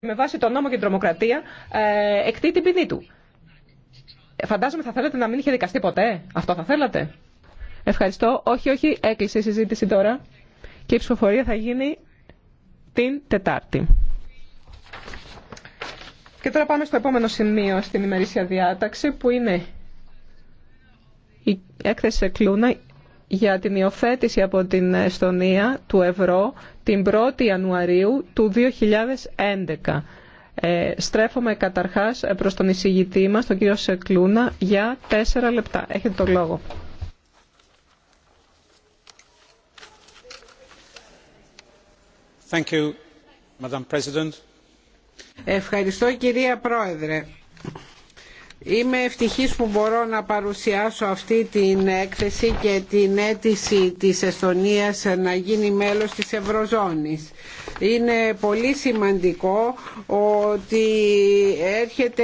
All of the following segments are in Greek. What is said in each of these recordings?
με βάση τον νόμο και την τρομοκρατία ε, εκτεί την ποινή του. Φαντάζομαι θα θέλατε να μην είχε δικαστεί ποτέ. Αυτό θα θέλατε. Ευχαριστώ. Όχι, όχι. Έκλεισε η συζήτηση τώρα. Και η ψηφοφορία θα γίνει την Τετάρτη. Και τώρα πάμε στο επόμενο σημείο στην ημερήσια διάταξη που είναι η έκθεση κλούνα για την υιοθέτηση από την Εστονία του ευρώ την 1η Ιανουαρίου του 2011. Ε, στρέφομαι καταρχάς προς τον εισηγητή μας, τον κύριο Σεκλούνα, για τέσσερα λεπτά. Έχετε το λόγο. Thank you, Madam Ευχαριστώ κυρία Πρόεδρε. Είμαι ευτυχής που μπορώ να παρουσιάσω αυτή την έκθεση και την αίτηση της Εστονίας να γίνει μέλος της Ευρωζώνης. Είναι πολύ σημαντικό ότι έρχεται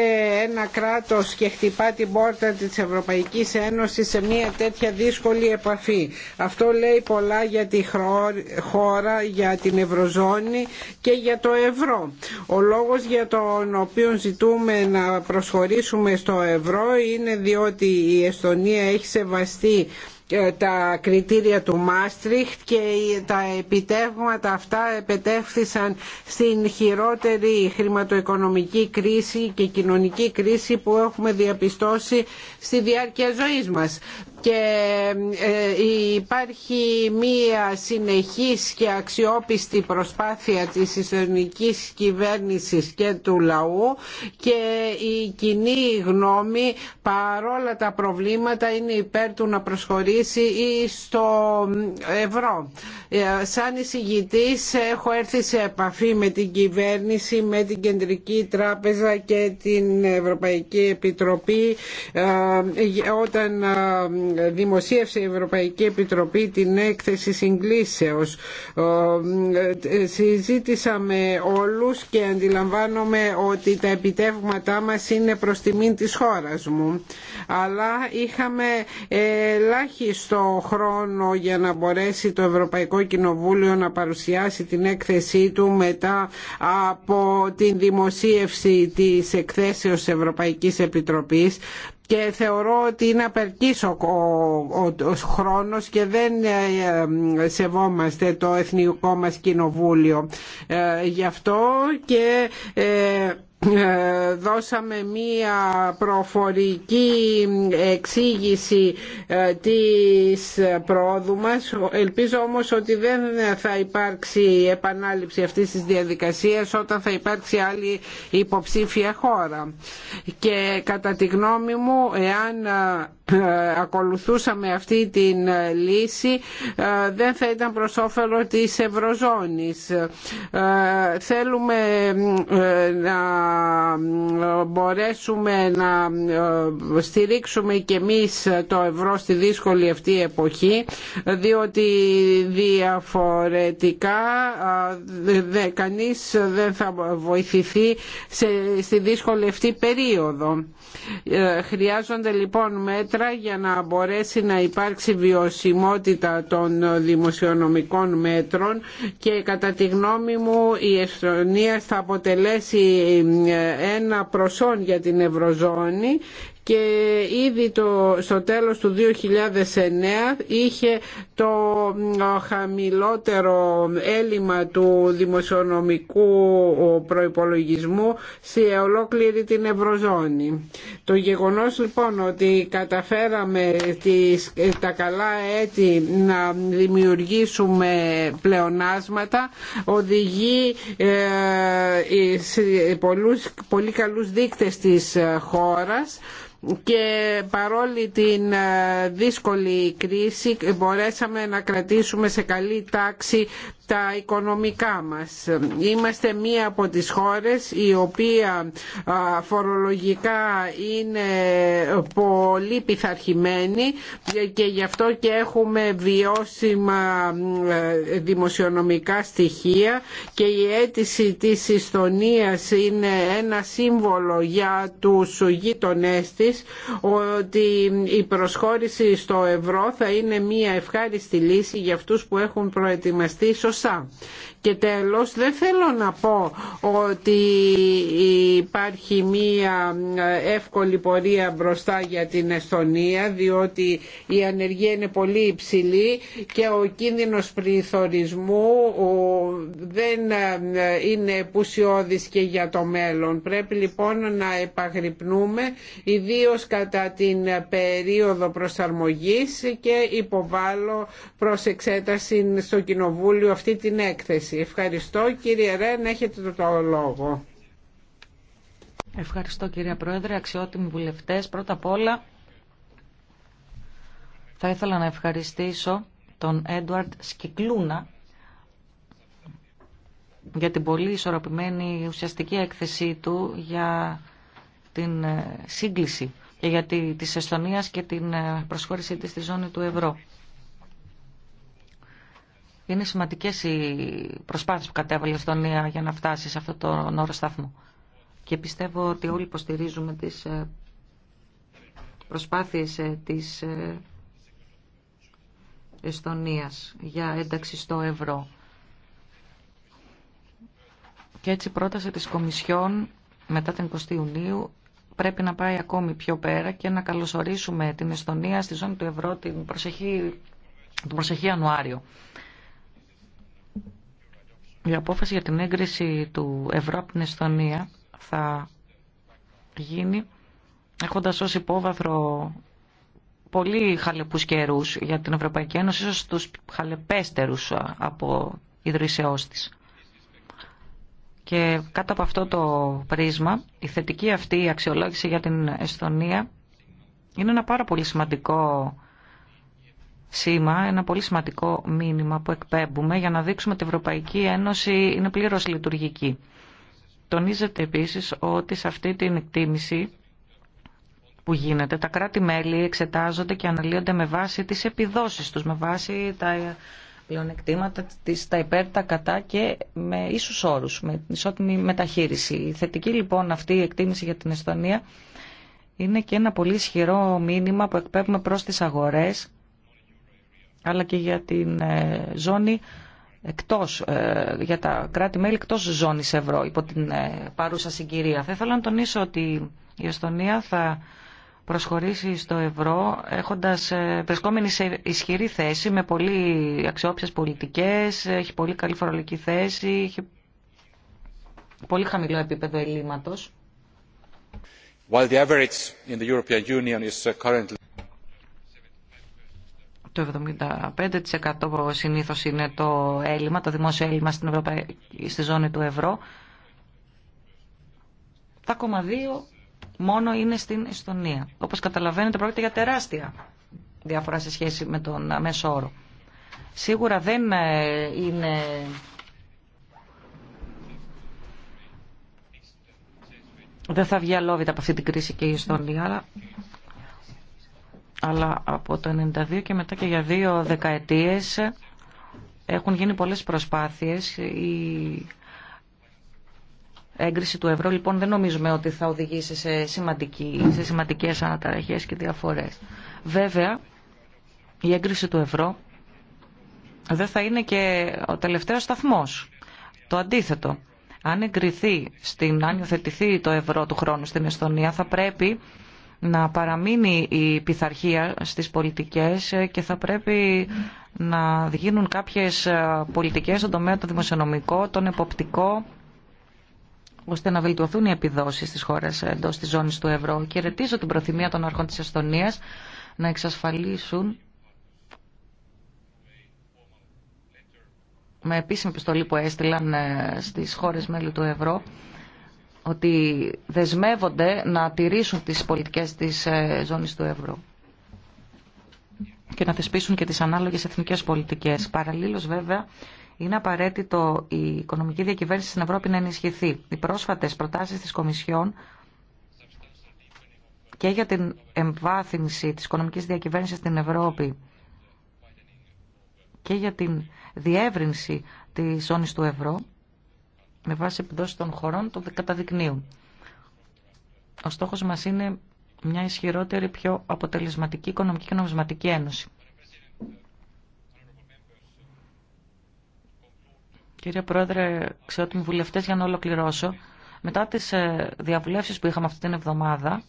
ένα κράτος και χτυπά την πόρτα της Ευρωπαϊκής Ένωσης σε μια τέτοια δύσκολη επαφή. Αυτό λέει πολλά για τη χώρα, για την Ευρωζώνη και για το ευρώ. Ο λόγος για τον οποίο ζητούμε να προσχωρήσουμε στο ευρώ είναι διότι η Εστονία έχει σεβαστεί τα κριτήρια του Μάστριχτ και τα επιτεύγματα αυτά επετέχθησαν στην χειρότερη χρηματοοικονομική κρίση και κοινωνική κρίση που έχουμε διαπιστώσει στη διάρκεια ζωής μας και ε, υπάρχει μία συνεχής και αξιόπιστη προσπάθεια της ιστορικής κυβέρνησης και του λαού και η κοινή γνώμη παρόλα τα προβλήματα είναι υπέρ του να προσχωρήσει στο ευρώ. Ε, σαν εισηγητής έχω έρθει σε επαφή με την κυβέρνηση, με την Κεντρική Τράπεζα και την Ευρωπαϊκή Επιτροπή ε, όταν δημοσίευσε η Ευρωπαϊκή Επιτροπή την έκθεση συγκλήσεως. Ε, συζήτησα με όλους και αντιλαμβάνομαι ότι τα επιτεύγματά μας είναι προς τιμήν της χώρας μου. Αλλά είχαμε ελάχιστο χρόνο για να μπορέσει το Ευρωπαϊκό Κοινοβούλιο να παρουσιάσει την έκθεσή του μετά από την δημοσίευση της εκθέσεως Ευρωπαϊκής Επιτροπής και θεωρώ ότι είναι απερκής ο, ο, χρόνος και δεν ε, ε, σεβόμαστε το Εθνικό μας Κοινοβούλιο. Ε, γι' αυτό και... Ε, δώσαμε μία προφορική εξήγηση ε, της πρόοδου μας. Ελπίζω όμως ότι δεν θα υπάρξει επανάληψη αυτής της διαδικασίας όταν θα υπάρξει άλλη υποψήφια χώρα. Και κατά τη γνώμη μου, εάν ακολουθούσαμε αυτή την ε, λύση ε, δεν θα ήταν προς όφελο της Ευρωζώνης. Ε, θέλουμε να μπορέσουμε να στηρίξουμε και εμείς το ευρώ στη δύσκολη αυτή εποχή διότι διαφορετικά κανείς δεν θα βοηθηθεί στη δύσκολη αυτή περίοδο. Χρειάζονται λοιπόν μέτρα για να μπορέσει να υπάρξει βιωσιμότητα των δημοσιονομικών μέτρων και κατά τη γνώμη μου η Εστονία θα αποτελέσει ένα προσόν για την Ευρωζώνη και ήδη το, στο τέλος του 2009 είχε το χαμηλότερο έλλειμμα του δημοσιονομικού προϋπολογισμού σε ολόκληρη την Ευρωζώνη. Το γεγονός λοιπόν ότι καταφέραμε τις, τα καλά έτη να δημιουργήσουμε πλεονάσματα οδηγεί ε, σε πολλούς, πολύ καλούς δείκτες της ε, χώρας και παρόλη την ε, δύσκολη κρίση μπορέσαμε να κρατήσουμε σε καλή τάξη τα οικονομικά μας. Είμαστε μία από τις χώρες η οποία φορολογικά είναι πολύ πειθαρχημένη και γι' αυτό και έχουμε βιώσιμα ε, δημοσιονομικά στοιχεία και η αίτηση της Ιστονίας είναι ένα σύμβολο για τους γείτονές της ότι η προσχώρηση στο ευρώ θα είναι μία ευχάριστη λύση για αυτούς που έχουν προετοιμαστεί και τέλος δεν θέλω να πω ότι υπάρχει μία εύκολη πορεία μπροστά για την Εστονία διότι η ανεργία είναι πολύ υψηλή και ο κίνδυνος πληθωρισμού δεν ε, είναι πουσιώδης και για το μέλλον. Πρέπει λοιπόν να επαγρυπνούμε ιδίως κατά την περίοδο προσαρμογής και υποβάλλω προς εξέταση στο Κοινοβούλιο αυτή την έκθεση. Ευχαριστώ κύριε Ρέν, έχετε το λόγο. Ευχαριστώ κύριε Πρόεδρε, αξιότιμοι βουλευτές. Πρώτα απ' όλα θα ήθελα να ευχαριστήσω τον Έντουαρτ Σκυκλούνα για την πολύ ισορροπημένη ουσιαστική έκθεσή του για την ε, σύγκληση και για τη, της και την ε, προσχώρησή της στη ζώνη του ευρώ. Είναι σημαντικές οι προσπάθειες που κατέβαλε η Εστονία για να φτάσει σε αυτό τον όρο σταθμό. Και πιστεύω ότι όλοι υποστηρίζουμε τις ε, προσπάθειες ε, της ε, Εστονία για ένταξη στο ευρώ. Και έτσι η πρόταση της Κομισιόν μετά την 20 Ιουνίου πρέπει να πάει ακόμη πιο πέρα και να καλωσορίσουμε την Εστονία στη ζώνη του ευρώ την προσεχή, την η απόφαση για την έγκριση του ευρώ από την Εστονία θα γίνει έχοντας ως υπόβαθρο πολύ χαλεπούς καιρούς για την Ευρωπαϊκή Ένωση, ίσως τους χαλεπέστερους από ιδρυσεώς της. Και κάτω από αυτό το πρίσμα, η θετική αυτή αξιολόγηση για την Εσθονία είναι ένα πάρα πολύ σημαντικό σήμα, ένα πολύ σημαντικό μήνυμα που εκπέμπουμε για να δείξουμε ότι η Ευρωπαϊκή Ένωση είναι πλήρω λειτουργική. Τονίζεται επίσης ότι σε αυτή την εκτίμηση που γίνεται. Τα κράτη-μέλη εξετάζονται και αναλύονται με βάση τις επιδόσεις τους, με βάση τα πλεονεκτήματα, τα υπέρτα κατά και με ίσους όρου, με ισότιμη μεταχείριση. Η θετική λοιπόν αυτή η εκτίμηση για την Εστονία είναι και ένα πολύ ισχυρό μήνυμα που εκπέμπουμε προς τις αγορές αλλά και για την ε, ζώνη εκτός, ε, για τα κράτη-μέλη εκτός ζώνης ευρώ υπό την ε, παρούσα συγκυρία. Θα ήθελα να τονίσω ότι η Εστονία θα προσχωρήσει στο ευρώ έχοντας βρισκόμενη σε ισχυρή θέση με πολύ αξιόπιες πολιτικές, έχει πολύ καλή φορολογική θέση, έχει πολύ χαμηλό επίπεδο ελλείμματος. While the average in the European Union is uh, currently το 75% συνήθως είναι το έλλειμμα, το δημόσιο έλλειμμα στην Ευρώπη, στη ζώνη του ευρώ. 7,2 μόνο είναι στην Εστονία. Όπως καταλαβαίνετε πρόκειται για τεράστια διαφορά σε σχέση με τον μέσο όρο. Σίγουρα δεν ε, είναι δεν θα βγει αλόβητα από αυτή την κρίση και η Ιστονία, αλλά αλλά από το 1992 και μετά και για δύο δεκαετίες έχουν γίνει πολλές προσπάθειες. Η έγκριση του ευρώ λοιπόν δεν νομίζουμε ότι θα οδηγήσει σε, σημαντική, σε σημαντικές αναταραχές και διαφορές. Βέβαια, η έγκριση του ευρώ δεν θα είναι και ο τελευταίος σταθμός. Το αντίθετο, αν εγκριθεί, στην, αν υιοθετηθεί το ευρώ του χρόνου στην Εστονία, θα πρέπει να παραμείνει η πειθαρχία στις πολιτικές και θα πρέπει να γίνουν κάποιες ε, πολιτικές στον τομέα το δημοσιονομικό, τον εποπτικό, ώστε να βελτιωθούν οι επιδόσεις στις χώρες εντός της ζώνης του ευρώ. Και ρετίζω την προθυμία των αρχών της Εστονίας να εξασφαλίσουν με επίσημη επιστολή που έστειλαν ε, στις χώρες μέλη του ευρώ ότι δεσμεύονται να τηρήσουν τις πολιτικές της ε, ζώνης του ευρώ και να θεσπίσουν και τις ανάλογες εθνικές πολιτικές. Παραλλήλως βέβαια είναι απαραίτητο η οικονομική διακυβέρνηση στην Ευρώπη να ενισχυθεί. Οι πρόσφατες προτάσεις της Κομισιόν και για την εμβάθυνση της οικονομικής διακυβέρνησης στην Ευρώπη και για την διεύρυνση της ζώνης του ευρώ με βάση επιδόσεις των χωρών το καταδεικνύουν. Ο στόχος μας είναι μια ισχυρότερη, πιο αποτελεσματική οικονομική και νομισματική ένωση. Κύριε Πρόεδρε, ξεότιμοι βουλευτές, για να ολοκληρώσω, μετά τις ε, διαβουλεύσεις που είχαμε αυτή την εβδομάδα,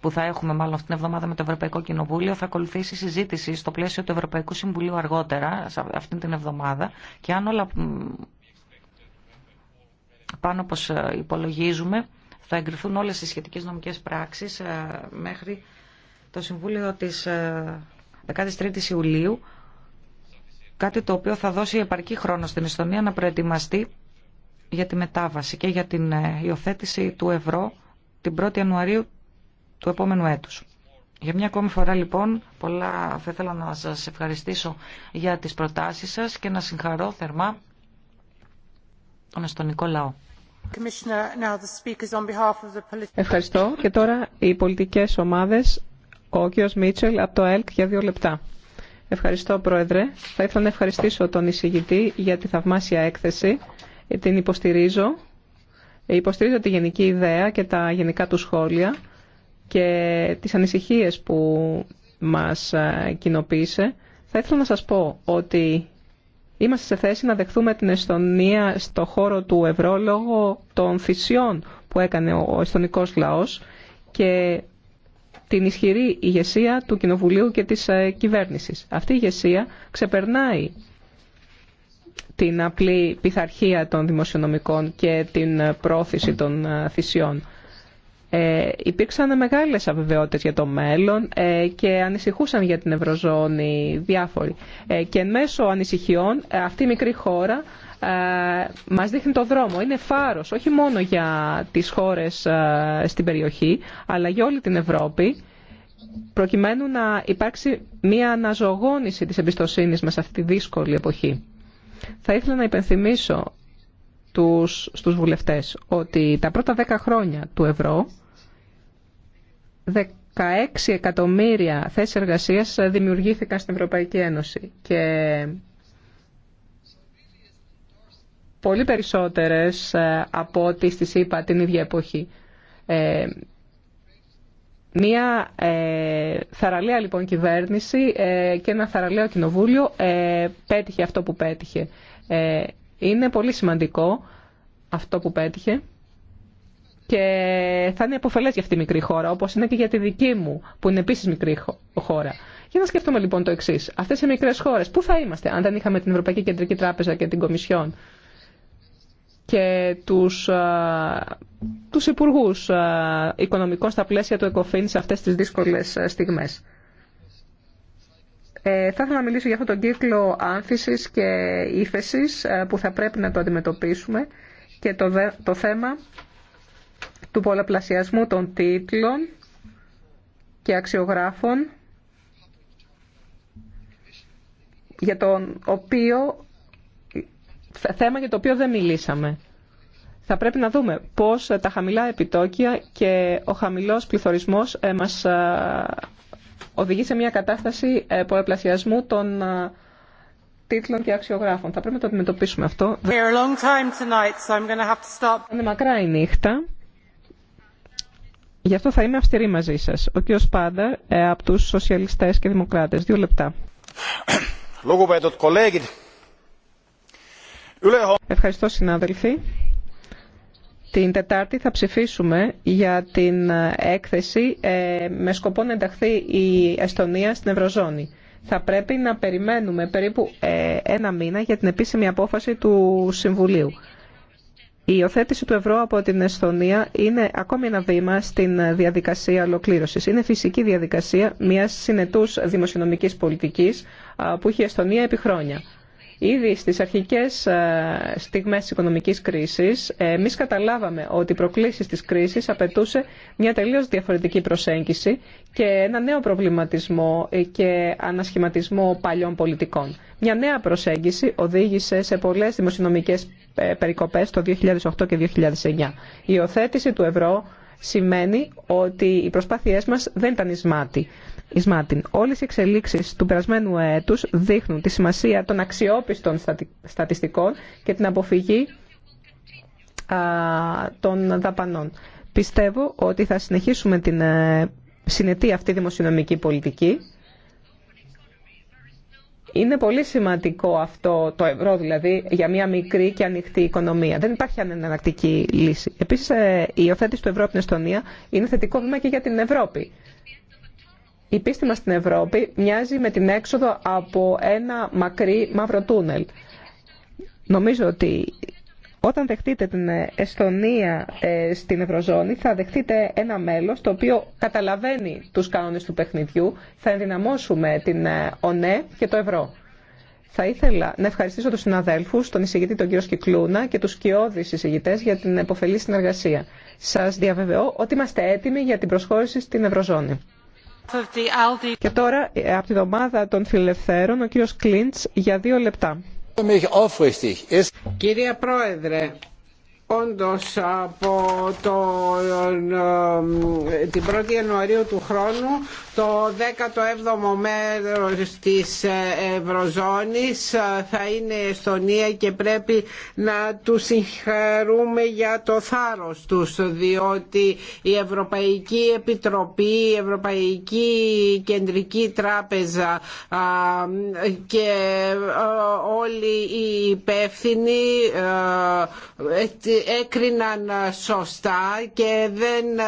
που θα έχουμε μάλλον αυτή την εβδομάδα με το Ευρωπαϊκό Κοινοβούλιο, θα ακολουθήσει συζήτηση στο πλαίσιο του Ευρωπαϊκού Συμβουλίου αργότερα, αυτή την εβδομάδα. Και αν όλα πάνω όπως ε, υπολογίζουμε θα εγκριθούν όλες οι σχετικές νομικές πράξεις ε, μέχρι το Συμβούλιο της 13ης ε, Ιουλίου, κάτι το οποίο θα δώσει επαρκή χρόνο στην Ιστονία να προετοιμαστεί για τη μετάβαση και για την υιοθέτηση του ευρώ την 1η Ιανουαρίου του επόμενου έτους. Για μια ακόμη φορά λοιπόν, πολλά θα ήθελα να σας ευχαριστήσω για τις προτάσεις σας και να συγχαρώ θερμά Ευχαριστώ. Και τώρα οι πολιτικές ομάδες, ο κ. Μίτσελ από το ΕΛΚ για δύο λεπτά. Ευχαριστώ, Πρόεδρε. Θα ήθελα να ευχαριστήσω τον εισηγητή για τη θαυμάσια έκθεση. Ε, την υποστηρίζω. Ε, υποστηρίζω τη γενική ιδέα και τα γενικά του σχόλια και τις ανησυχίες που μας ε, κοινοποίησε. Θα ήθελα να σας πω ότι Είμαστε σε θέση να δεχθούμε την Εστονία στο χώρο του ευρώ λόγω των θυσιών που έκανε ο εστονικός λαός και την ισχυρή ηγεσία του Κοινοβουλίου και της ε, κυβέρνησης. Αυτή η ηγεσία ξεπερνάει την απλή πειθαρχία των δημοσιονομικών και την ε, πρόθεση των ε, θυσιών. Ε, υπήρξαν μεγάλες αβεβαιότητες για το μέλλον ε, και ανησυχούσαν για την Ευρωζώνη διάφοροι. Ε, και εν μέσω ανησυχιών ε, αυτή η μικρή χώρα μας δείχνει το δρόμο. Είναι φάρος όχι μόνο για τις χώρες στην περιοχή αλλά για όλη την Ευρώπη προκειμένου να υπάρξει μια αναζωογόνηση της εμπιστοσύνης μας σε αυτή τη δύσκολη εποχή. Θα ήθελα να υπενθυμίσω τους, στους βουλευτές ότι τα πρώτα δέκα χρόνια του ευρώ 16 εκατομμύρια θέσεις εργασίας δημιουργήθηκαν στην Ευρωπαϊκή Ένωση και πολύ περισσότερες ε, από ό,τι στις είπα την ίδια εποχή. Ε, μία ε, θαραλέα λοιπόν κυβέρνηση ε, και ένα θαραλέο κοινοβούλιο πέτυχε αυτό που πέτυχε. Είναι πολύ σημαντικό αυτό που πέτυχε και θα είναι αποφελές για αυτή τη μικρή χώρα, όπως είναι και για τη δική μου, που είναι επίσης μικρή χώρα. Για να σκεφτούμε λοιπόν το εξή. Αυτέ οι μικρέ χώρε, πού θα είμαστε αν δεν είχαμε την Ευρωπαϊκή Κεντρική Τράπεζα και την Κομισιόν και τους, τους υπουργούς οικονομικών στα πλαίσια του ΕΚΟΦΗΝ σε αυτές τις δυσκολε στιγμές. Ε, θα ήθελα να μιλήσω για αυτόν τον κύκλο άνθησης και ύφεση που θα πρέπει να το αντιμετωπίσουμε και το, το θέμα του πολλαπλασιασμού των τίτλων και αξιογράφων για τον οποίο, θέμα για το οποίο δεν μιλήσαμε. Θα πρέπει να δούμε πώς τα χαμηλά επιτόκια και ο χαμηλός πληθωρισμός ε, μας ε, οδηγεί σε μια κατάσταση ε, πολλαπλασιασμού των τίτλων και αξιογράφων. Θα πρέπει να το αντιμετωπίσουμε αυτό. Είναι μακρά η νύχτα. Γι' αυτό θα είμαι αυστηρή μαζί σας. Ο κύριος Πάντα ε, από του Σοσιαλιστές και Δημοκράτες. Δύο λεπτά. Ευχαριστώ συνάδελφοι. Την Τετάρτη θα ψηφίσουμε για την ε, έκθεση ε, με σκοπό να ενταχθεί η Εστονία στην Ευρωζώνη. Θα πρέπει να περιμένουμε περίπου ένα μήνα για την επίσημη απόφαση του Συμβουλίου. Η υιοθέτηση του ευρώ από την Εσθονία είναι ακόμη ένα βήμα στην διαδικασία ολοκλήρωση. Είναι φυσική διαδικασία μια συνετού δημοσιονομική πολιτική που έχει η Εσθονία επί χρόνια. Ήδη στις αρχικές στιγμές της οικονομικής κρίσης, εμείς καταλάβαμε ότι οι προκλήσει της κρίσης απαιτούσε μια τελείως διαφορετική προσέγγιση και ένα νέο προβληματισμό ε, και ανασχηματισμό παλιών πολιτικών. Μια νέα προσέγγιση οδήγησε σε πολλές δημοσιονομικέ. Ε, περικοπές το 2008 και 2009. Η υιοθέτηση του ευρώ σημαίνει ότι οι προσπάθειές μας δεν ήταν εισμάτη. Όλες οι εξελίξεις του περασμένου έτους δείχνουν τη σημασία των αξιόπιστων στατιστικών και την αποφυγή των δαπανών. Πιστεύω ότι θα συνεχίσουμε την ε, συνετή αυτή δημοσιονομική πολιτική είναι πολύ σημαντικό αυτό το ευρώ δηλαδή για μια μικρή και ανοιχτή οικονομία. Δεν υπάρχει ανεναλλακτική λύση. Επίση, ε, η υιοθέτηση του ευρώ από την Εστονία είναι θετικό βήμα και για την Ευρώπη. Η πίστη μα στην Ευρώπη μοιάζει με την έξοδο από ένα μακρύ μαύρο τούνελ. Νομίζω ότι όταν δεχτείτε την Εστονία ε, στην Ευρωζώνη θα δεχτείτε ένα μέλος το οποίο καταλαβαίνει τους κανόνες του παιχνιδιού. Θα ενδυναμώσουμε την ε, ΟΝΕ και το ευρώ. Θα ήθελα να ευχαριστήσω τους συναδέλφου, τον εισηγητή τον κύριο Σκυκλούνα και τους κοιόδης εισηγητέ για την εποφελή συνεργασία. Σας διαβεβαιώ ότι είμαστε έτοιμοι για την προσχώρηση στην Ευρωζώνη. Και τώρα ε, από την ομάδα των φιλελευθέρων ο κύριος Κλίντς για δύο λεπτά. Κυρία Πρόεδρε, Όντως από το, ε, ε, την 1η Ιανουαρίου του χρόνου το 17ο μέρος της ε, Ευρωζώνης θα είναι η Εστονία και πρέπει να τους συγχαρούμε για το θάρρος τους διότι η Ευρωπαϊκή Επιτροπή, η Ευρωπαϊκή Κεντρική Τράπεζα και όλοι οι υπεύθυνοι έκριναν ε, σωστά και δεν ε,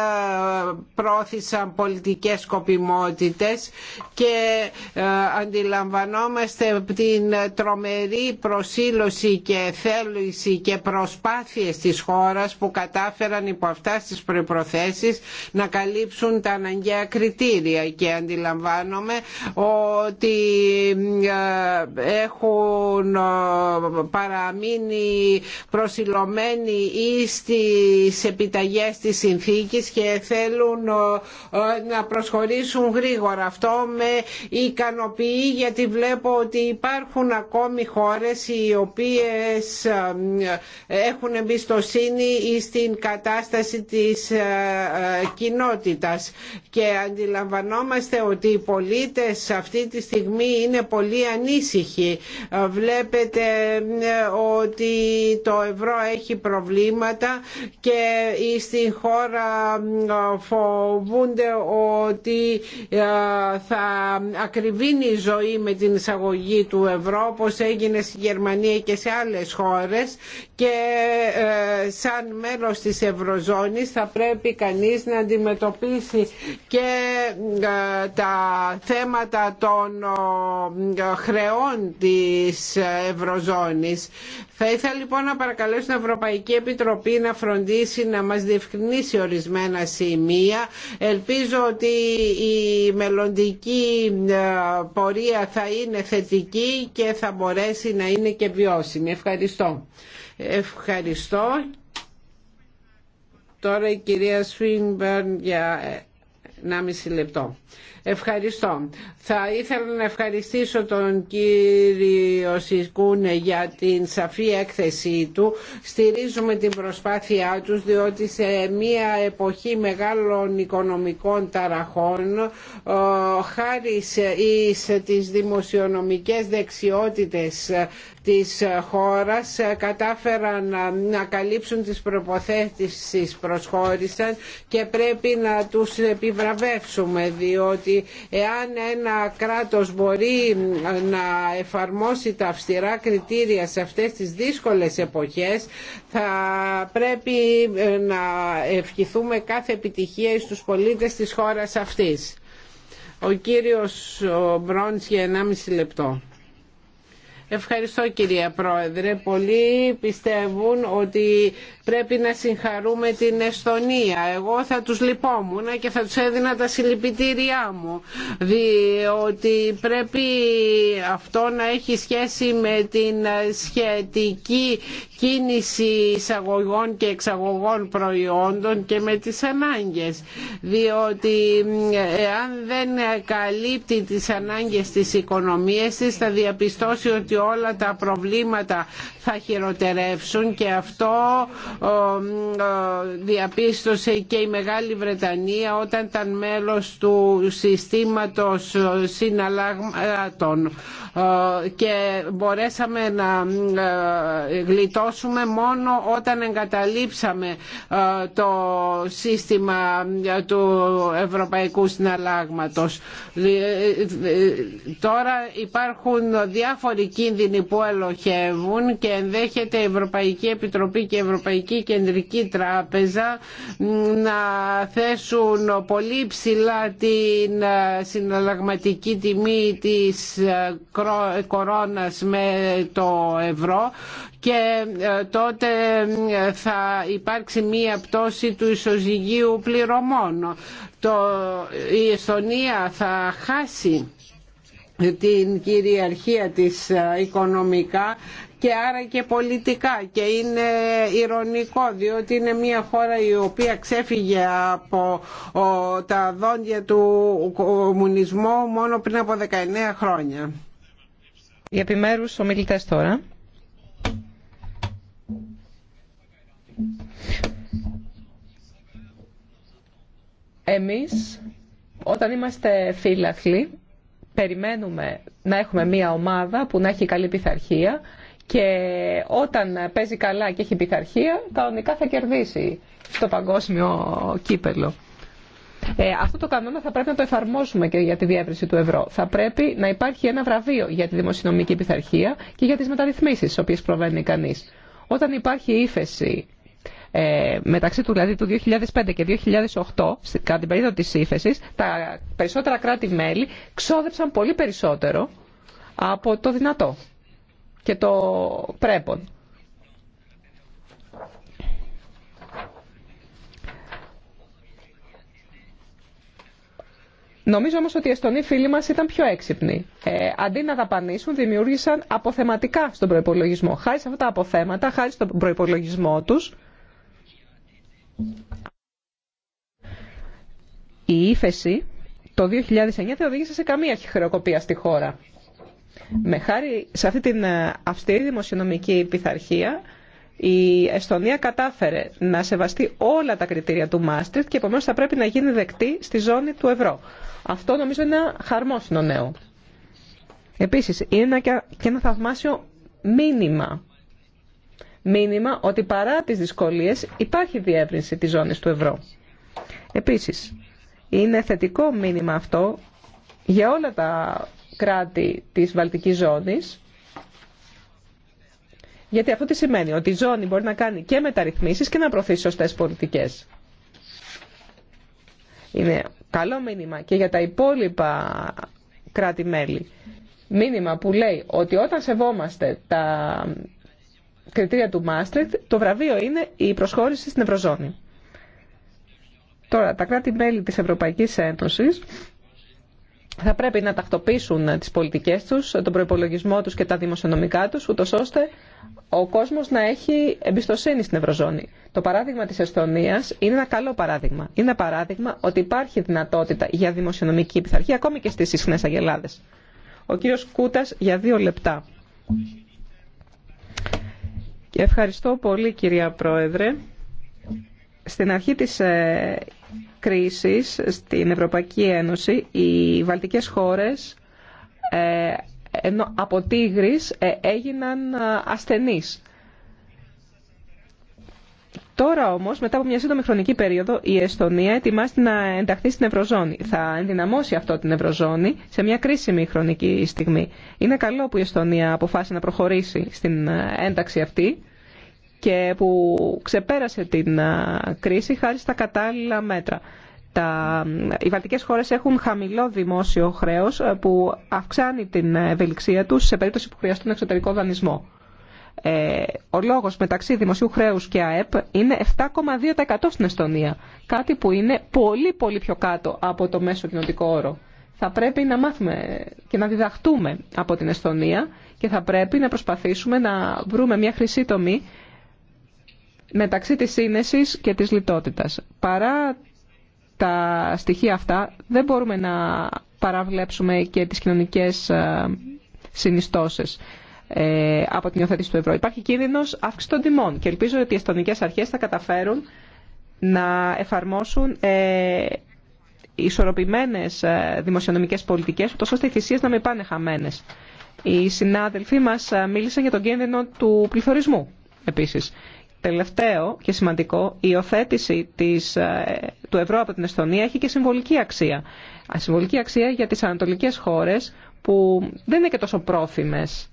πρόθυσαν πολιτικές σκοπιμότητες και ε, αντιλαμβανόμαστε την τρομερή προσήλωση και θέληση και προσπάθειες της χώρας που κατάφεραν υπό αυτά τις προϋποθέσεις να καλύψουν τα αναγκαία κριτήρια και αντιλαμβάνομαι ότι έχουν παραμείνει προσιλωμένοι ή στις επιταγές της συνθήκης και θέλουν ε, ε, να προσχωρήσουν γρήγορα. Αυτό με ικανοποιεί γιατί βλέπω ότι υπάρχουν ακόμη χώρες οι οποίες ε, έχουν εμπιστοσύνη στην κατάσταση της κοινότητας και αντιλαμβανόμαστε ότι οι πολίτες αυτή τη στιγμή είναι πολύ ανήσυχοι. Βλέπετε ότι το ευρώ έχει προβλήματα προβλήματα και στην χώρα φοβούνται ότι θα ακριβίνει η ζωή με την εισαγωγή του ευρώ όπως έγινε στη Γερμανία και σε άλλες χώρες και ε, σαν μέλος της Ευρωζώνης θα πρέπει κανείς να αντιμετωπίσει και τα θέματα των χρεών της Ευρωζώνης. Θα ήθελα λοιπόν να παρακαλέσω την Ευρωπαϊκή Επιτροπή να φροντίσει να μας διευκρινίσει ορισμένα σημεία. Ελπίζω ότι η μελλοντική ε, πορεία θα είναι θετική και θα μπορέσει να είναι και βιώσιμη. Ευχαριστώ. Ευχαριστώ. Τώρα η κυρία Σφίνμπερν για 1,5 ε, λεπτό. Ευχαριστώ. Θα ήθελα να ευχαριστήσω τον κύριο Σικούνε για την σαφή έκθεσή του. Στηρίζουμε την προσπάθειά τους διότι σε μια εποχή μεγάλων οικονομικών ταραχών χάρη στι τις δημοσιονομικές δεξιότητες της χώρας κατάφεραν να, να καλύψουν τις προποθέσεις προσχώρησαν και πρέπει να τους επιβραβεύσουμε διότι εάν ένα κράτος μπορεί να εφαρμόσει τα αυστηρά κριτήρια σε αυτές τις δύσκολες εποχές θα πρέπει ε, να ευχηθούμε κάθε επιτυχία στους πολίτες της χώρας αυτής. Ο κύριος Μπρόντς για 1,5 λεπτό. Ευχαριστώ κυρία Πρόεδρε. Πολλοί πιστεύουν ότι πρέπει να συγχαρούμε την Εστονία. Εγώ θα τους λυπόμουν και θα τους έδινα τα συλληπιτήριά μου. Διότι πρέπει αυτό να έχει σχέση με την σχετική κίνηση εισαγωγών και εξαγωγών προϊόντων και με τις ανάγκες. Διότι αν δεν καλύπτει τις ανάγκες της οικονομίας της θα διαπιστώσει ότι όλα τα προβλήματα θα χειροτερεύσουν και αυτό διαπίστωσε και η Μεγάλη Βρετανία όταν ήταν μέλος του συστήματος συναλλαγμάτων και μπορέσαμε να ε, γλιτώσουμε μόνο όταν εγκαταλείψαμε ε, το σύστημα ε, του ευρωπαϊκού συναλλάγματος. Τώρα υπάρχουν διάφοροι κίνδυνοι που ελοχεύουν και ενδέχεται η Ευρωπαϊκή Επιτροπή και η Ευρωπαϊκή Κεντρική Τράπεζα να θέσουν πολύ ψηλά την ε, συναλλαγματική τιμή της ε, κορώνας με το ευρώ και ε, τότε θα υπάρξει μία πτώση του ισοζυγίου πληρωμών. Το, η Εστονία θα χάσει την κυριαρχία της ε, οικονομικά και άρα και πολιτικά και είναι ηρωνικό διότι είναι μια χώρα η οποία ξέφυγε από τα δόντια του κομμουνισμού μόνο πριν από 19 χρόνια. Οι επιμέρους ομιλητές τώρα. Εμείς όταν είμαστε φύλαχλοι περιμένουμε να έχουμε μια ομάδα που να έχει καλή πειθαρχία και όταν παίζει καλά και έχει πειθαρχία, κανονικά θα κερδίσει στο παγκόσμιο κύπελο. Ε, αυτό το κανόνα θα πρέπει να το εφαρμόσουμε και για τη διεύρυνση του ευρώ. Θα πρέπει να υπάρχει ένα βραβείο για τη δημοσιονομική πειθαρχία και για τις μεταρρυθμίσεις τις οποίες προβαίνει κανείς. Όταν υπάρχει ύφεση ε, μεταξύ του, δηλαδή, του 2005 και 2008, κατά την περίοδο της ύφεσης, τα περισσότερα κράτη-μέλη ξόδεψαν πολύ περισσότερο από το δυνατό και το πρέπον. Νομίζω όμως ότι οι Εστονοί φίλοι μας ήταν πιο έξυπνοι. Ε, αντί να δαπανίσουν, δημιούργησαν αποθεματικά στον προϋπολογισμό. Χάρη σε αυτά τα αποθέματα, χάρη στον προϋπολογισμό τους, η ύφεση το 2009 δεν οδήγησε σε καμία χειροκοπία στη χώρα. Με χάρη σε αυτή την ε, αυστηρή δημοσιονομική πειθαρχία, η Εστονία κατάφερε να σεβαστεί όλα τα κριτήρια του Μάστριτ και επομένως θα πρέπει να γίνει δεκτή στη ζώνη του ευρώ. Αυτό νομίζω είναι ένα χαρμόσυνο νέο. Επίσης, είναι και ένα θαυμάσιο μήνυμα μήνυμα ότι παρά τις δυσκολίες υπάρχει διεύρυνση της ζώνης του ευρώ. Επίσης, είναι θετικό μήνυμα αυτό για όλα τα κράτη της Βαλτικής Ζώνης, γιατί αυτό τι σημαίνει, ότι η ζώνη μπορεί να κάνει και μεταρρυθμίσεις και να προωθήσει σωστές πολιτικές. Είναι καλό μήνυμα και για τα υπόλοιπα κράτη-μέλη. Μήνυμα που λέει ότι όταν σεβόμαστε τα κριτήρια του Μάστρεκτ, το βραβείο είναι η προσχώρηση στην Ευρωζώνη. Τώρα, τα κράτη-μέλη της Ευρωπαϊκής Ένωσης θα πρέπει να τακτοποιήσουν τις πολιτικές τους, τον προϋπολογισμό τους και τα δημοσιονομικά τους, ούτως ώστε ο κόσμος να έχει εμπιστοσύνη στην Ευρωζώνη. Το παράδειγμα της Εστονίας είναι ένα καλό παράδειγμα. Είναι παράδειγμα ότι υπάρχει δυνατότητα για δημοσιονομική πειθαρχία, ακόμη και στις συχνές αγελάδες. Ο κύριος Κούτας για δύο λεπτά. Ευχαριστώ πολύ κυρία Πρόεδρε. Στην αρχή της ε, κρίσης στην Ευρωπαϊκή Ένωση οι βαλτικές χώρες ε, από τίγρης ε, έγιναν ασθενείς. Τώρα όμως, μετά από μια σύντομη χρονική περίοδο, η Εστονία ετοιμάζεται να ενταχθεί στην Ευρωζώνη. Θα ενδυναμώσει αυτό την Ευρωζώνη σε μια κρίσιμη χρονική στιγμή. Είναι καλό που η Εστονία αποφάσισε να προχωρήσει στην ένταξη αυτή και που ξεπέρασε την κρίση χάρη στα κατάλληλα μέτρα. Τα, οι βαλτικές χώρες έχουν χαμηλό δημόσιο χρέος ε, που αυξάνει την ευελιξία τους σε περίπτωση που χρειαστούν εξωτερικό δανεισμό. Ε, ο λόγος μεταξύ δημοσίου χρέους και ΑΕΠ είναι 7,2% στην Εστονία. Κάτι που είναι πολύ πολύ πιο κάτω από το μέσο κοινοτικό όρο. Θα πρέπει να μάθουμε και να διδαχτούμε από την Εστονία και θα πρέπει να προσπαθήσουμε να βρούμε μια χρυσή τομή μεταξύ της σύνεσης και της λιτότητας. Παρά τα στοιχεία αυτά δεν μπορούμε να παραβλέψουμε και τις κοινωνικές ε, συνιστώσεις ε, από την υιοθέτηση του ευρώ. Υπάρχει κίνδυνος αύξηση των τιμών και ελπίζω ότι οι εστονικές αρχές θα καταφέρουν να εφαρμόσουν ε, ισορροπημένες ε, δημοσιονομικές πολιτικές, ώστε οι θυσίες να μην πάνε χαμένες. Οι συνάδελφοί μας μίλησαν για τον κίνδυνο του πληθωρισμού επίσης. Τελευταίο και σημαντικό, η υιοθέτηση της, ε, του ευρώ από την Εστονία έχει και συμβολική αξία. Συμβολική αξία για τις ανατολικές χώρες που δεν είναι και τόσο πρόθυμες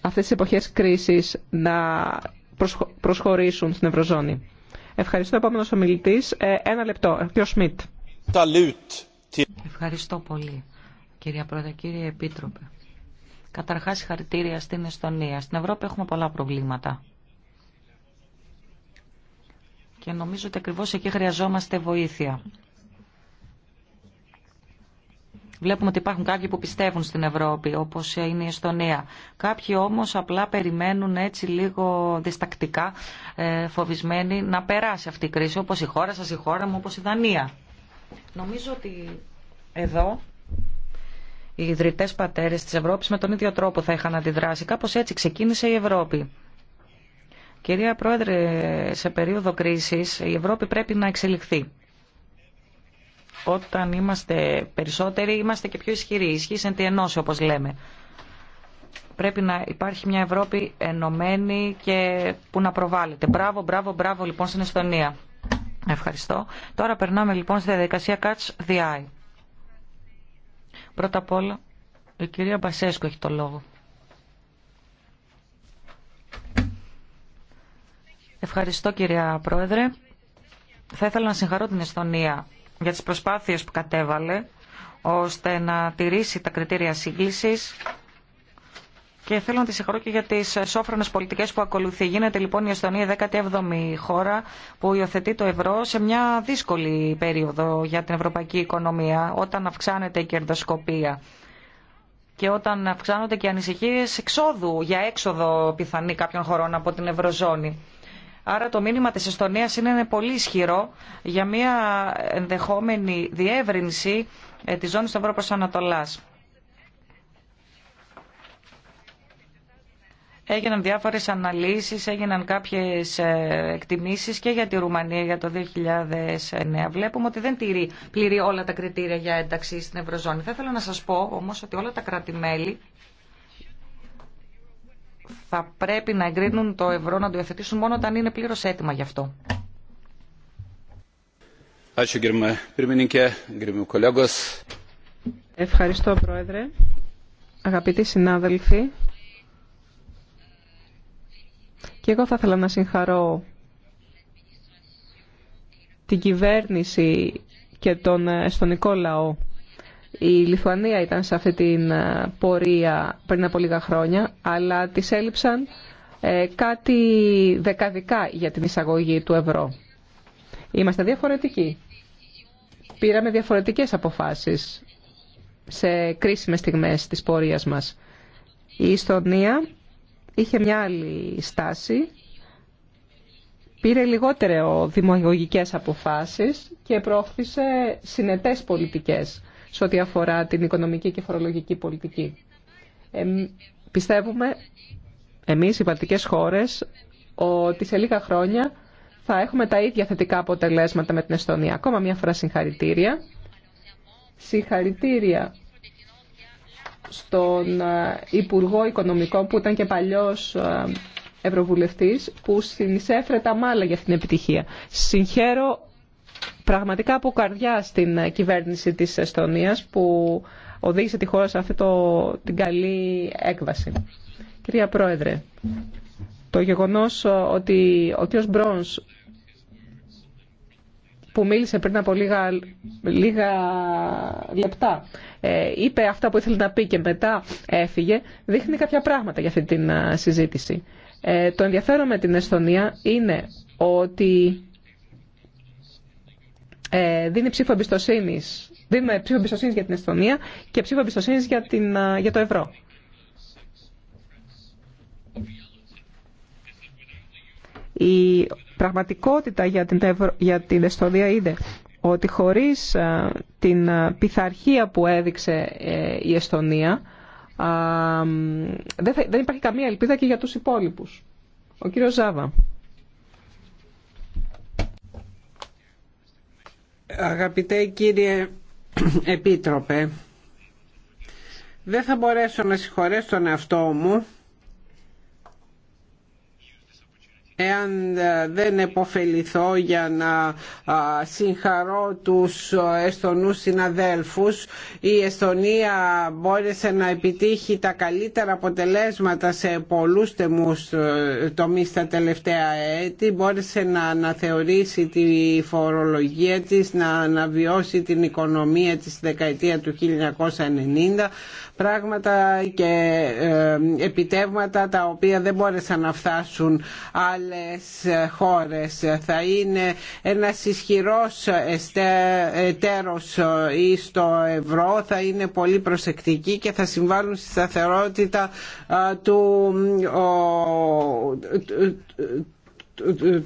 αυτές τις εποχές κρίσης να προσχωρήσουν στην Ευρωζώνη. Ευχαριστώ, επόμενος ομιλητής. Ε, ένα λεπτό, Σμιτ. Ευχαριστώ πολύ, κυρία Πρόεδρε, κύριε Επίτροπε. Καταρχάς, χαρητήρια στην Εστονία. Στην Ευρώπη έχουμε πολλά προβλήματα και νομίζω ότι ακριβώς εκεί χρειαζόμαστε βοήθεια. Βλέπουμε ότι υπάρχουν κάποιοι που πιστεύουν στην Ευρώπη, όπως είναι η Εστονία. Κάποιοι όμως απλά περιμένουν έτσι λίγο διστακτικά, ε, φοβισμένοι, να περάσει αυτή η κρίση, όπως η χώρα σας, η χώρα μου, όπως η Δανία. Νομίζω ότι εδώ οι ιδρυτές πατέρες της Ευρώπης με τον ίδιο τρόπο θα είχαν αντιδράσει. Κάπως έτσι ξεκίνησε η Ευρώπη. Κυρία Πρόεδρε, σε περίοδο κρίσης η Ευρώπη πρέπει να εξελιχθεί. Όταν είμαστε περισσότεροι, είμαστε και πιο ισχυροί. Ισχύς εν τη ενώση, όπως λέμε. Πρέπει να υπάρχει μια Ευρώπη ενωμένη και που να προβάλλεται. Μπράβο, μπράβο, μπράβο λοιπόν στην Εστονία. Ευχαριστώ. Τώρα περνάμε λοιπόν στη διαδικασία Catch the Eye. Πρώτα απ' όλα, η κυρία Μπασέσκο έχει το λόγο. Ευχαριστώ κυρία Πρόεδρε. Θα ήθελα να συγχαρώ την Εσθονία για τις προσπάθειες που κατέβαλε ώστε να τηρήσει τα κριτήρια σύγκλησης και θέλω να τη συγχαρώ και για τις σόφρονες πολιτικές που ακολουθεί. Γίνεται λοιπόν η Εστονία 17η χώρα που υιοθετεί το ευρώ σε μια δύσκολη περίοδο για την ευρωπαϊκή οικονομία, όταν αυξάνεται η κερδοσκοπία και όταν αυξάνονται και ανησυχίες εξόδου για έξοδο πιθανή κάποιων χωρών από την ευρωζώνη. Άρα το μήνυμα της Εστονίας είναι πολύ ισχυρό για μια ενδεχόμενη διεύρυνση ε, της ζώνης του Ευρώπης Ανατολάς. Έγιναν διάφορες αναλύσεις, έγιναν κάποιες ε, εκτιμήσεις και για τη Ρουμανία για το 2009. Βλέπουμε ότι δεν τηρεί πληρεί όλα τα κριτήρια για ένταξη στην Ευρωζώνη. Θα ήθελα να σας πω όμως ότι όλα τα κράτη-μέλη θα πρέπει να εγκρίνουν το ευρώ να το υιοθετήσουν μόνο όταν είναι πλήρω έτοιμα γι' αυτό. Ευχαριστώ, Πρόεδρε. Αγαπητοί συνάδελφοι, και εγώ θα ήθελα να συγχαρώ την κυβέρνηση και τον εστονικό λαό η Λιθουανία ήταν σε αυτή την ε, πορεία πριν από λίγα χρόνια, αλλά της έλειψαν ε, κάτι δεκαδικά για την εισαγωγή του ευρώ. Είμαστε διαφορετικοί. Πήραμε διαφορετικές αποφάσεις σε κρίσιμες στιγμές της πορείας μας. Η Ιστονία είχε μια άλλη στάση, πήρε λιγότερο δημογωγικές αποφάσεις και πρόχθησε συνετές πολιτικές σε ό,τι αφορά την οικονομική και φορολογική πολιτική. πιστεύουμε εμείς οι βαλτικές χώρες ότι σε λίγα χρόνια θα έχουμε τα ίδια θετικά αποτελέσματα με την Εστονία. Ακόμα μια φορά συγχαρητήρια. Συγχαρητήρια στον ε, Υπουργό Οικονομικών που ήταν και παλιός ε, Ευρωβουλευτής που συνεισέφερε τα μάλα για αυτήν την επιτυχία. Συγχαίρω πραγματικά από καρδιά στην κυβέρνηση της Εστονίας που οδήγησε τη χώρα σε αυτή το, την καλή έκβαση. Κυρία Πρόεδρε, το γεγονός ότι ο κ. Μπρόνς που μίλησε πριν από λίγα, λίγα λεπτά, ε, είπε αυτά που ήθελε να πει και μετά έφυγε, δείχνει κάποια πράγματα για αυτή την ε, συζήτηση. Ε, το ενδιαφέρον με την Εστονία είναι ότι ε, δίνει ψήφο εμπιστοσύνη. Δίνουμε ψήφο εμπιστοσύνη για την Εστονία και ψήφο εμπιστοσύνη για, για το ευρώ. Η πραγματικότητα για την, για την Εστονία είναι ότι χωρίς την πειθαρχία που έδειξε ε, η Εστονία δεν υπάρχει καμία ελπίδα και για τους υπόλοιπους. Ο κύριος Ζάβα. Αγαπητέ κύριε Επίτροπε, δεν θα μπορέσω να συγχωρέσω τον εαυτό μου εάν ε, δεν επωφεληθώ για να συγχαρώ τους Εστονούς συναδέλφους η Εστονία μπόρεσε να επιτύχει τα καλύτερα αποτελέσματα σε πολλούς τεμούς ε, τομείς τα τελευταία έτη μπόρεσε να αναθεωρήσει τη φορολογία της να αναβιώσει την οικονομία της δεκαετία του 1990 πράγματα και ε, επιτεύγματα τα οποία δεν μπόρεσαν να φτάσουν αλλά άλλες χώρες. Θα είναι ένας ισχυρός εταίρος ή στο ευρώ, θα είναι πολύ προσεκτική και θα συμβάλλουν στη σταθερότητα του,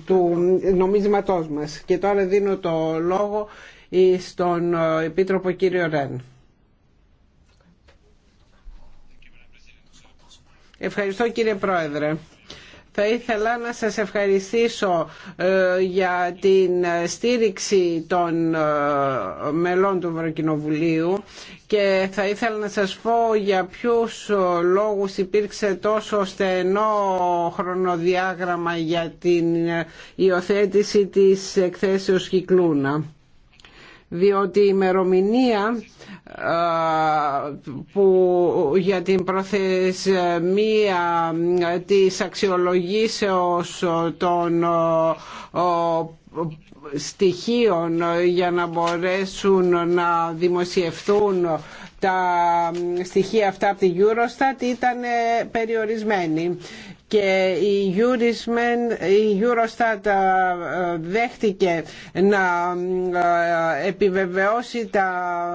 του νομίσματός μας. Και τώρα δίνω το λόγο ε, στον ε, Επίτροπο κύριο Ρέν. Ευχαριστώ κύριε Πρόεδρε. Θα ήθελα να σας ευχαριστήσω ε, για την στήριξη των ε, μελών του Ευρωκοινοβουλίου και θα ήθελα να σας πω για ποιους ε, λόγους υπήρξε τόσο στενό χρονοδιάγραμμα για την υιοθέτηση της εκθέσεως Κυκλούνα διότι η ημερομηνία που για την προθεσμία της αξιολογήσεως των στοιχείων για να μπορέσουν να δημοσιευθούν τα στοιχεία αυτά από την Eurostat ήταν ε, περιορισμένη και η, Eurismen, η Eurostat ε, δέχτηκε να ε, επιβεβαιώσει τα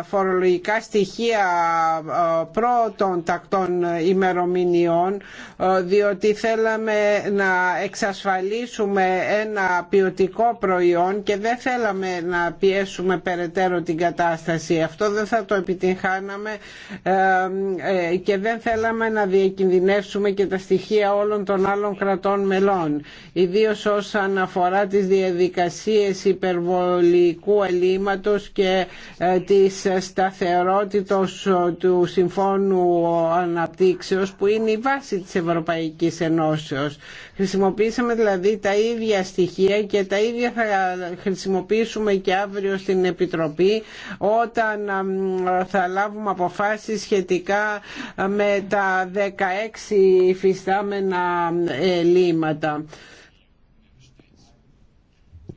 φορολογικά στοιχεία ε, πρώτων τακτών ημερομηνιών διότι θέλαμε να εξασφαλίσουμε ένα ποιοτικό προϊόν και δεν θέλαμε να πιέσουμε περαιτέρω την κατάσταση. Αυτό δεν θα το επιτυγχάναμε και δεν θέλαμε να διακινδυνεύσουμε και τα στοιχεία όλων των άλλων κρατών μελών, ιδίως όσον αφορά τις διαδικασίες υπερβολικού ελλείμματος και ε, της σταθερότητος ε, του Συμφώνου Αναπτύξεως που είναι η βάση της Ευρωπαϊκής Ενώσεως. Χρησιμοποίησαμε δηλαδή τα ίδια στοιχεία και τα ίδια θα χρησιμοποιήσουμε και αύριο στην Επιτροπή όταν ε, θα λάβουμε αποφάσεις σχετικά με τα 16 υφιστάμενα ελλείμματα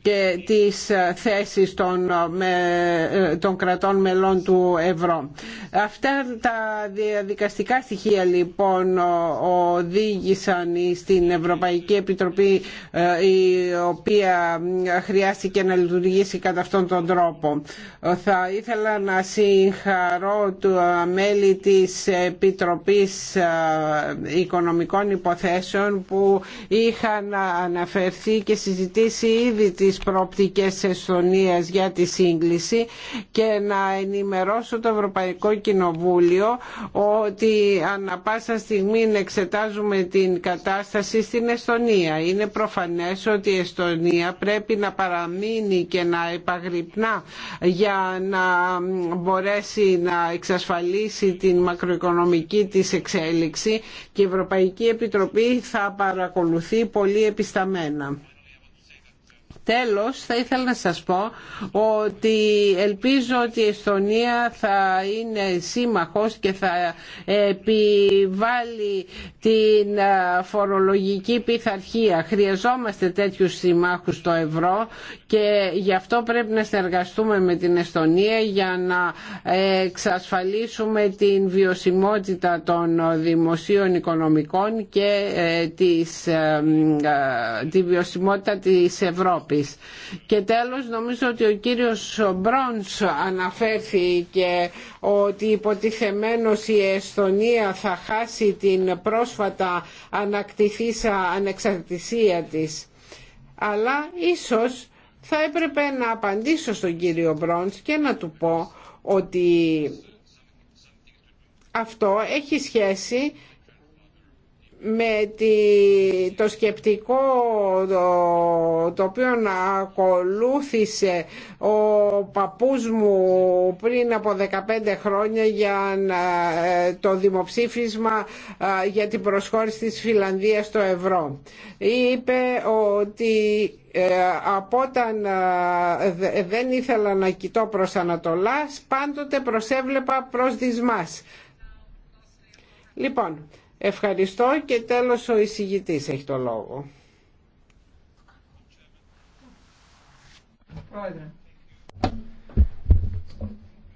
και τις θέσεις των, των κρατών μελών του ευρώ. Αυτά τα διαδικαστικά στοιχεία λοιπόν οδήγησαν στην Ευρωπαϊκή Επιτροπή ε, η οποία χρειάστηκε να λειτουργήσει κατά αυτόν τον τρόπο. Θα ήθελα να συγχαρώ του μέλη της Επιτροπής ε, Οικονομικών Υποθέσεων που είχαν αναφερθεί και συζητήσει ήδη τις τις προοπτικές Εστονίας για τη σύγκληση και να ενημερώσω το Ευρωπαϊκό Κοινοβούλιο ότι ανα πάσα στιγμή εξετάζουμε την κατάσταση στην Εστονία. Είναι προφανές ότι η Εστονία πρέπει να παραμείνει και να επαγρυπνά για να μπορέσει να εξασφαλίσει την μακροοικονομική της εξέλιξη και η Ευρωπαϊκή Επιτροπή θα παρακολουθεί πολύ επισταμένα. Τέλος, θα ήθελα να σας πω ότι ελπίζω ότι η Εστονία θα είναι σύμμαχος και θα επιβάλλει την φορολογική πειθαρχία. Χρειαζόμαστε τέτοιους συμμάχους στο ευρώ και γι' αυτό πρέπει να συνεργαστούμε με την Εστονία για να εξασφαλίσουμε την βιωσιμότητα των δημοσίων οικονομικών και ε, της, ε, ε, τη βιωσιμότητα της Ευρώπης. Και τέλος νομίζω ότι ο κύριος Μπρόνς αναφέρθηκε ότι υποτιθεμένως η Εστονία θα χάσει την πρόσφατα ανακτηθήσα ανεξαρτησία της. Αλλά ίσως θα έπρεπε να απαντήσω στον κύριο Μπρόντς και να του πω ότι αυτό έχει σχέση με το σκεπτικό το οποίο ακολούθησε ο παππούς μου πριν από 15 χρόνια για ε, το δημοψήφισμα ε, για την προσχώρηση της Φιλανδίας στο ευρώ. Είπε ότι ε, από όταν δεν ήθελα να κοιτώ προς Ανατολάς πάντοτε προσέβλεπα προς δυσμάς. Λοιπόν, Ευχαριστώ και τέλος ο εισηγητής έχει το λόγο. Πρόεδρε.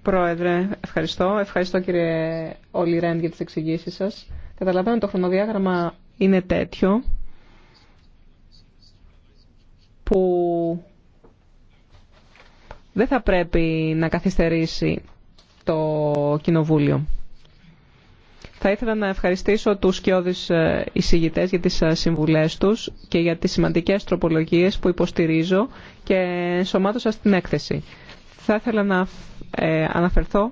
Πρόεδρε, ευχαριστώ. Ευχαριστώ κύριε Όλη Ρεν για τις εξηγήσεις σας. Καταλαβαίνω το χρονοδιάγραμμα είναι τέτοιο που δεν θα πρέπει να καθυστερήσει το Κοινοβούλιο. Θα ήθελα να ευχαριστήσω τους σκιώδεις ε, εισηγητές για τις ε, συμβουλές τους και για τις σημαντικές τροπολογίες που υποστηρίζω και ενσωμάτωσα στην έκθεση. Θα ήθελα να ε, αναφερθώ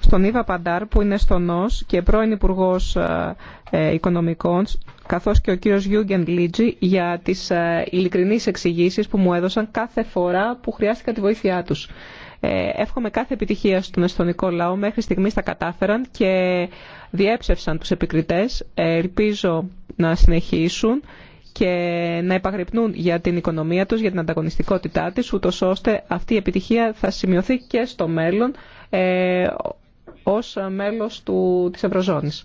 στον Ήβα Παντάρ που είναι στονός και πρώην υπουργό Οικονομικών καθώς και ο κύριος Γιούγκεν Λίτζι για τις ειλικρινείς εξηγήσει που μου έδωσαν κάθε φορά που χρειάστηκα τη βοήθειά τους. Ε, εύχομαι κάθε επιτυχία στον εσθονικό λαό. Μέχρι στιγμής τα κατάφεραν και διέψευσαν τους επικριτές. Ε, ελπίζω να συνεχίσουν και να επαγρυπνούν για την οικονομία τους, για την ανταγωνιστικότητά της, ούτως ώστε αυτή η επιτυχία θα σημειωθεί και στο μέλλον ε, ως μέλος του, της Ευρωζώνης.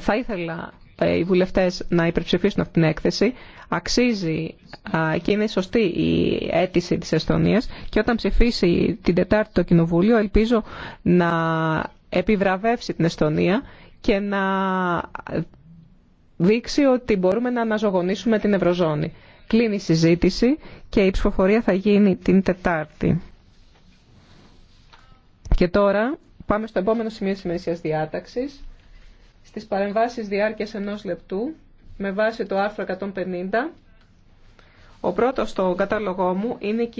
Θα ήθελα ε, οι βουλευτές να υπερψηφίσουν αυτή την έκθεση. Αξίζει και είναι σωστή η αίτηση της Εστονίας και όταν ψηφίσει την Τετάρτη το Κοινοβούλιο ελπίζω να επιβραβεύσει την Εστονία και να δείξει ότι μπορούμε να αναζωογονήσουμε την Ευρωζώνη. Κλείνει η συζήτηση και η ψηφοφορία θα γίνει την Τετάρτη. Και τώρα πάμε στο επόμενο σημείο της διάταξης στις παρεμβάσεις διάρκειας ενός λεπτού με βάση το άρθρο 150. Ο πρώτος στο κατάλογό μου είναι η